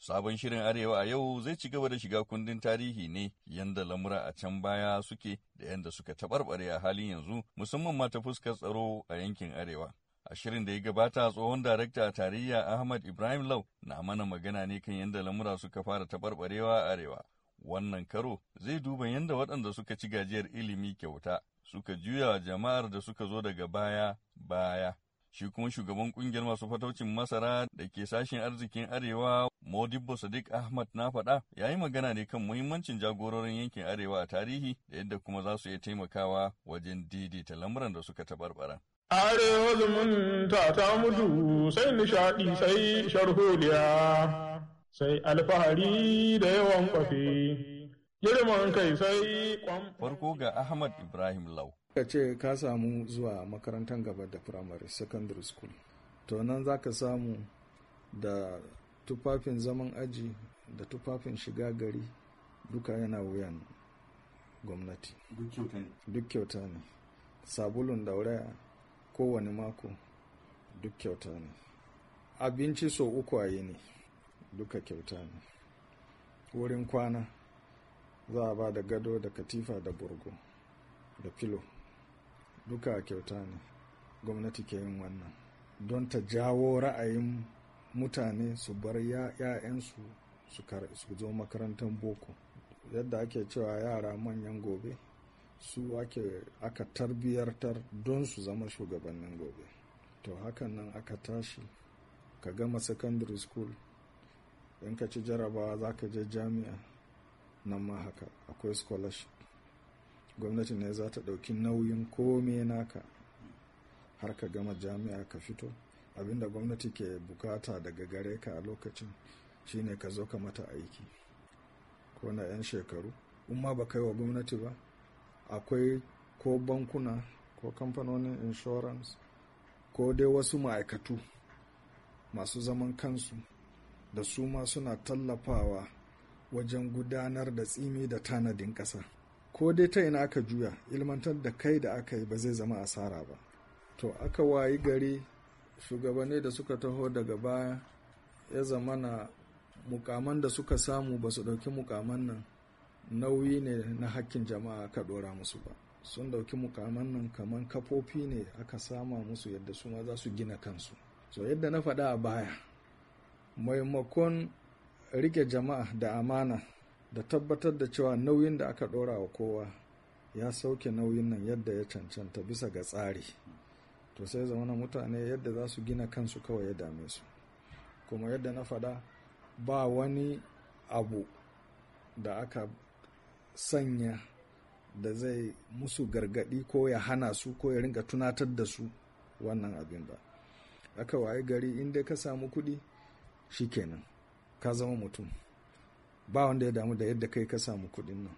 Sabon shirin Arewa a yau zai ci gaba da shiga kundin tarihi ne yadda lamura a can baya suke da yadda suka taɓarɓare a halin yanzu musamman ma ta fuskar tsaro a yankin Arewa. A shirin da ya gabata tsohon darakta a tarayya Ahmad Ibrahim Lau na mana magana ne kan yadda lamura suka fara taɓarɓarewa a Arewa. Wannan karo zai duba yadda waɗanda suka ci gajiyar ilimi kyauta suka juya jama'ar da suka zo daga baya baya. shi kuma shugaban kungiyar masu fataucin masara da ke sashen arzikin arewa modibo sadiq ahmad na faɗa ya yi magana ne kan muhimmancin jagororin yankin arewa a tarihi da yadda kuma za su iya taimakawa wajen daidaita lamuran da suka tabarbara arewa zumunta ta mutu sai nishaɗi sai sharholiya sai alfahari da yawan kwafe girman kai sai farko ga ahmad ibrahim lau ka ce ka samu zuwa makarantar gaba da primary secondary school to nan za ka samu da tufafin zaman aji da tufafin shiga gari duka yana wuyan gwamnati duk kyauta ne sabulun dauraya kowane mako duk kyauta ne abinci so uku a yi ne duka kyauta ne wurin kwana za a ba da gado da katifa da burgo da filo duka kyauta ne gwamnati ke yin wannan don ta jawo ra'ayin mutane su bar ya'yansu su zo makarantar boko yadda ake cewa yara manyan gobe su ake aka tarbiyartar don su zama shugabannin gobe to hakan nan aka tashi ka gama secondary school in ka ci jarabawa za ka je jami'a nan ma haka akwai scholarship gwamnati ne za ta ɗauki nauyin kome naka har ka gama jami'a ka fito abinda gwamnati ke bukata daga gare ka a lokacin shine ka zo ka mata aiki ko na 'yan shekaru in ma ba kai wa gwamnati ba akwai ko bankuna ko kamfanonin insurance ko dai wasu ma'aikatu masu zaman kansu da su ma suna tallafawa wajen gudanar da tsimi da tanadin ƙasa ko dai ta ina aka juya ilmantar da kai da aka yi ba zai zama asara ba to aka wayi gari shugabanni da suka taho daga baya ya zamana mukaman da suka samu ba su ɗauki mukaman nan nauyi ne na hakkin jama'a aka ɗora musu ba sun ɗauki mukaman nan kamar kafofi ne aka sama musu yadda su ma za su gina kansu so yadda na faɗa a baya maimakon riƙe jama'a da amana da tabbatar da cewa nauyin da aka ɗora wa kowa ya sauke nauyin nan yadda ya cancanta bisa ga tsari to sai zamana mutane yadda za su gina kansu kawai ya dame su kuma yadda na faɗa ba wani abu da aka sanya da zai musu gargadi ko ya hana su ko ya ringa tunatar da su wannan abin ba aka waye gari inda ka samu kuɗi kenan ka zama mutum ba wanda ya damu da yadda kai ka samu kuɗin nan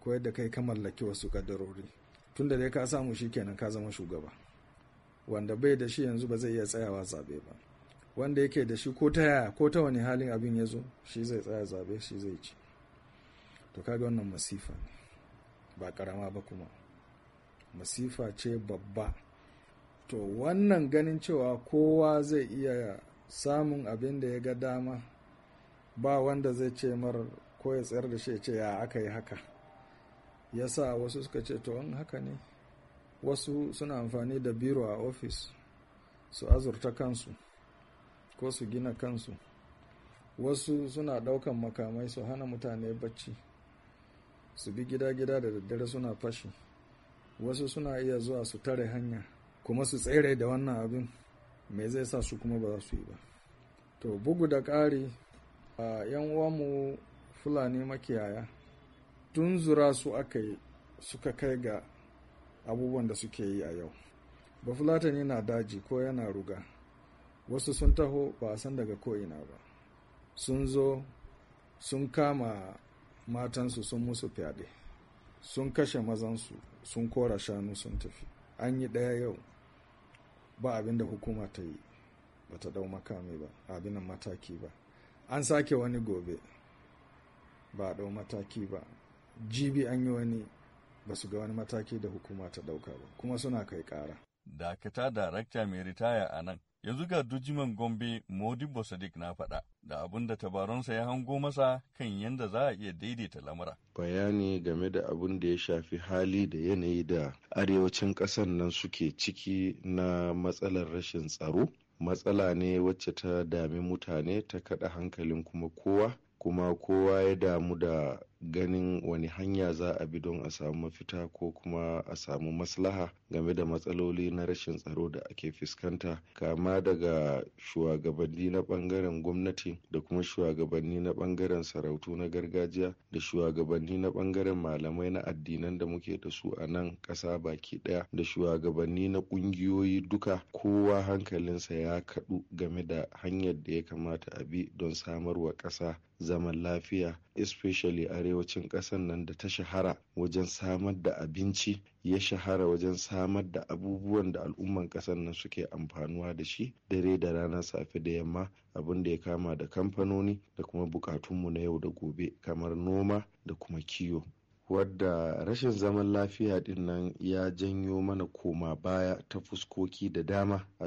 ko yadda kai ka mallaki wasu kadarori tun da dai ka samu shi kenan ka zama shugaba wanda bai da shi yanzu ba zai iya tsayawa zabe ba wanda yake da shi ko ta yaya ko ta wani halin abin ya zo shi zai tsaya zabe shi zai ci to kaga wannan masifa ne ba karama ba kuma masifa ce babba to wannan ganin cewa kowa zai iya samun abin da ya ga dama ba wanda zai ce mar ko ya tsayar da shi ya ce ya aka yi haka ya sa wasu suka ce to an haka ne wasu suna amfani da biro a ofis su azurta kansu ko su gina kansu wasu suna ɗaukan makamai su hana mutane bacci su bi gida-gida da daddare suna fashi wasu suna iya zuwa su tare hanya kuma su tsere da wannan abin mai zai sa su kuma ba za su yi ba to bugu da ƙari yan mu fulani makiyaya tun zura su aka yi suka kai ga abubuwan da suke yi a yau ba fulatani na daji ko yana ruga wasu sun taho ba a san daga ko'ina ba sun zo sun kama matansu sun musu fyaɗe sun kashe mazansu sun kora shanu sun tafi an yi ɗaya yau ba abinda hukuma ta yi ba ta dau makami ba abinan mataki ba an sake wani gobe ba a mataki ba jibi an yi wani ba su ga wani mataki da hukuma ta ɗauka ba kuma suna kai ƙara. dakata darakta mai ritaya a nan yanzu ga dujiman gombe modibo sadiq na faɗa da abin da tabaronsa ya hango masa kan yadda za a iya daidaita lamura bayani game da abin da ya shafi hali da yanayi da arewacin ƙasar nan suke ciki na matsalar rashin tsaro matsala ne wacce ta dami mutane ta kada hankalin kuma kowa kuma kowa ya damu da ganin wani hanya za a bi don a samu mafita ko kuma a samu maslaha game da matsaloli na rashin tsaro da ake fuskanta kama daga shugabanni na bangaren gwamnati da kuma shugabanni na bangaren sarautu na gargajiya da shugabanni na bangaren malamai na addinan da muke da su a nan ƙasa baki ɗaya da shugabanni na ƙungiyoyi duka kowa hankalinsa ya kaɗu game da hanyar da ya kamata a bi don samarwa ƙasa zaman lafiya especially arewacin ƙasar nan da ta shahara wajen samar da abinci ya shahara wajen samar da abubuwan da al'umman ƙasar nan suke amfanuwa da shi dare da rana safe da yamma abin da ya kama da kamfanoni da kuma bukatunmu na yau da gobe kamar noma da kuma kiwo wadda rashin zaman lafiya din nan ya janyo mana koma baya ta fuskoki da dama a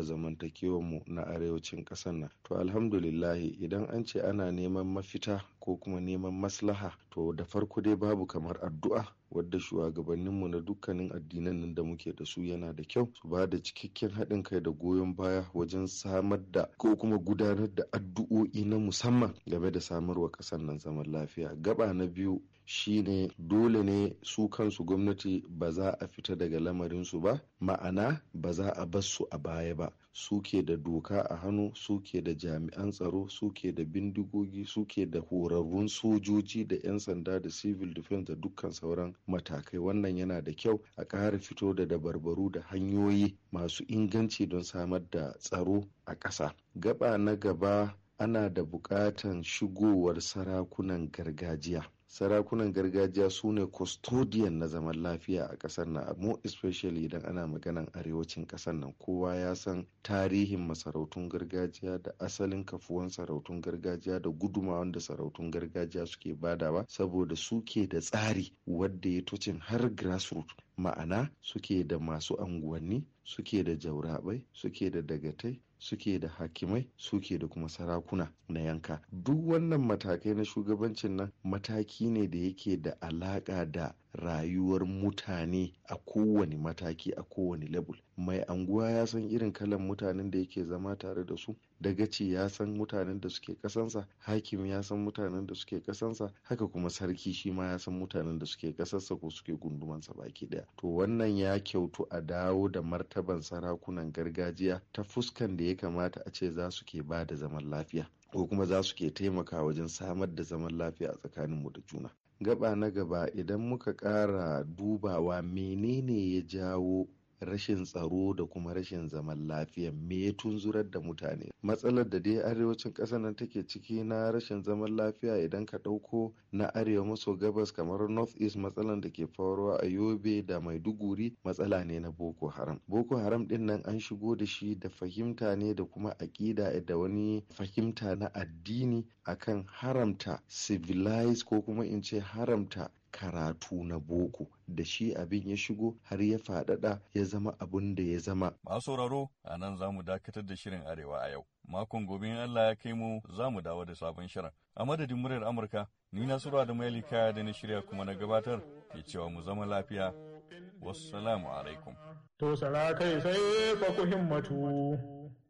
mu na arewacin ƙasar nan to alhamdulillahi idan an ce ana neman mafita ko kuma neman maslaha to da farko dai babu kamar addu'a wadda shugabanninmu na dukkanin addinan nan da muke da su yana da kyau su ba da cikakken haɗin kai da goyon baya wajen samar da ko kuma gudanar da addu'o'i na musamman game da samarwa ƙasar nan zaman lafiya gaba na biyu shine dole ne su kansu gwamnati ba za a fita daga lamarinsu ba ma'ana ba za a bar su a baya ba suke da doka a hannu suke da jami'an tsaro suke da bindigogi suke da horarrun sojoji da 'yan sanda da civil defense da dukkan sauran matakai wannan yana da kyau a ƙara fito da dabarbaru da hanyoyi masu inganci don samar da tsaro a ƙasa gaba na gaba ana da buƙatan shigowar sarakunan gargajiya sarakunan gargajiya su ne custodian na zaman lafiya a ƙasar nan mo especially idan ana maganan arewacin ƙasar nan kowa ya san tarihin masarautun gargajiya da asalin kafuwan sarautun gargajiya da gudumawan da sarautun gargajiya suke badawa saboda suke da tsari wadda ya tocin har grassroot, ma'ana suke da masu anguwanni suke da jaurabai suke da dagatai suke da hakimai suke da kuma sarakuna na yanka duk wannan matakai na shugabancin nan mataki jiki ne da yake da alaƙa da rayuwar mutane a kowane mataki a kowane level mai anguwa ya san irin kalan mutanen da yake zama tare da su dagaci ya san mutanen da suke kasansa hakim ya san mutanen da suke kasansa haka kuma sarki shi ma ya san mutanen da suke kasarsa ko suke gundumansa baki daya to wannan ya kyautu a dawo da martaban sarakunan gargajiya ta fuskan da ya kamata a ce za su ke ba da zaman lafiya ko kuma za su ke taimaka wajen samar da zaman lafiya a tsakaninmu da juna gaba na gaba idan muka ƙara dubawa menene ya jawo rashin tsaro da kuma rashin zaman lafiya me ya tunzurar da mutane matsalar da dai arewacin ƙasar nan take ciki na rashin zaman lafiya idan ka ɗauko na arewa maso gabas kamar north east matsalar da ke faruwa a yobe da maiduguri matsala ne na boko haram boko haram ɗin nan an shigo da shi da fahimta ne da kuma aƙida da wani fahimta na addini akan haramta civilize ko kuma in ce haramta karatu na boko da shi abin ya shigo har ya faɗaɗa ya zama abin da ya zama. Masu sauraro a nan za mu dakatar da shirin Arewa a yau. Makon gobe in Allah ya kai mu za mu dawo da sabon shirin. A madadin muryar Amurka, ni na sura da mai kaya da na shirya kuma na gabatar ke cewa mu zama lafiya. Wasu salamu alaikum. To sara kai sai fa ku himmatu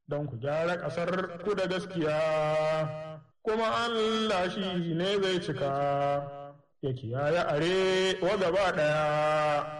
don ku gyara ƙasar ku da gaskiya. Kuma Allah shi ne zai cika. yake ya yi are wa gaba ɗaya